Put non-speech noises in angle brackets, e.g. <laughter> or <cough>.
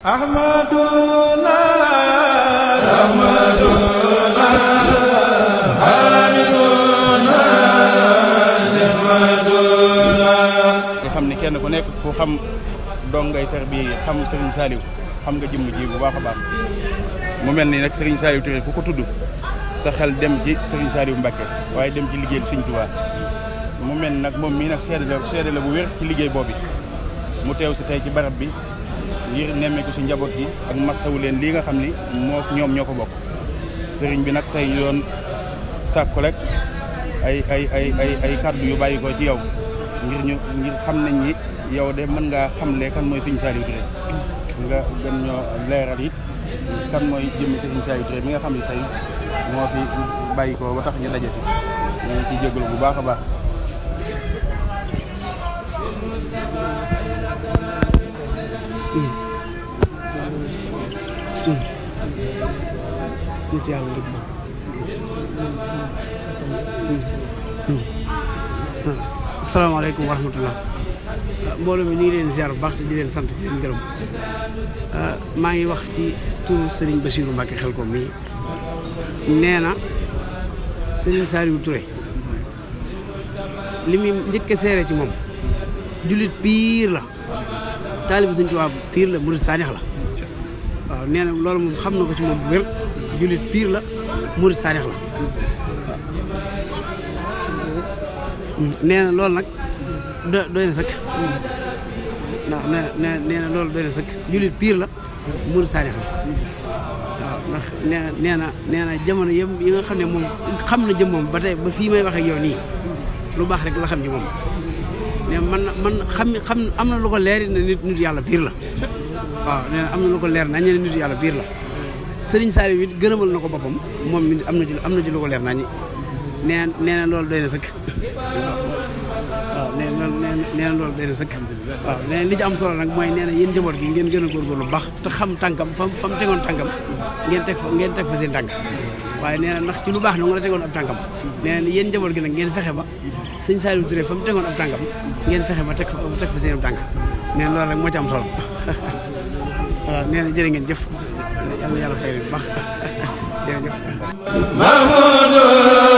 ahmaduna ahmaduna hamiduna ahmaduna xam ne kenn ku nekk ku xam dongay tarbiya bi xam Serigne saaliw xam nga jëmm ji bu baax a baax mu mel ni nag Serigne Saliou Touré ku ko tudd sa xel dem ci Serigne Saliou Mbacké waaye dem ci liggéeyal Serigne Touba mu mel nag moom mii nag seede la seede la bu wér ci liggéey boobu mu teew si tey ci barab bi ngir nemmeeku su njaboot gi ak masawu leen lii nga xam ni moo ñoom ñoo ko bokk sëriñ bi nag tey ñu doon sàkku rek ay ay ay ay ay kàddu yu bàyyi ko ci yow ngir ñu ngir xam nañ ni yow de mën ngaa xamle kan mooy sëriñ Saliou Touré nga gën ñoo leeral it kan mooy jëmmi sëriñ Saliou Touré mi nga xam ne tey moo fi bàyyi ko ba tax ñu daje fi ñu ci jégalu bu baax a baax. nit yàlla rek moom. asalaamaaleykum wa mbooloo mi ñu ngi leen ziar bu baax ji leen sant di leen gërëm maa ngi wax ci turu Serigne Bassirou Mbacké Khelcom mii nee na Serigne Saliou Touré li muy njëkk a seere ci moom. jullit piir la. taalibu Sëñ Tuubaa piir la murid saadix la waaw nee na loolu xam na ko ci moom piir la murid saadix la nee na loolu nag doy na sëkk waaw nee sëkk jullit piir la murid saadix la waaw ndax na nee na jamono yëpp yi nga xam ne moom xam na jëm moom ba te ba fii may wax ak yow nii lu baax rek la xam ci moom mais man man xam xam am na lu ko leer na nit nit yàlla biir la waaw nee am na lu ko leer nañ ne nit yàlla biir la sëriñ Saliou it gërëmal na ko boppam moom mi am na ci am na ci lu leer nañ nee nee nee na nee na loolu doy na sëkk waaw nee na li ci am solo nag mooy nee na yéen njaboot gi ngeen gën a góorgóorlu lu baax te xam tànkam fa fa tegoon tànkam ngeen teg fa ngeen teg fa seen tànk waaye nee na ndax ci lu baax la la tegoon ab tànkam nee na yéen gi nag ngeen fexe ba sëñ Saliou Touré fa mu tegoon ab tànkam ngeen fexe ba teg fa ba teg fa seen tànk nee na loolu rek moo ci am solo voilà <laughs> nee na jërë ngeen jëf yàlla yàlla fay <laughs>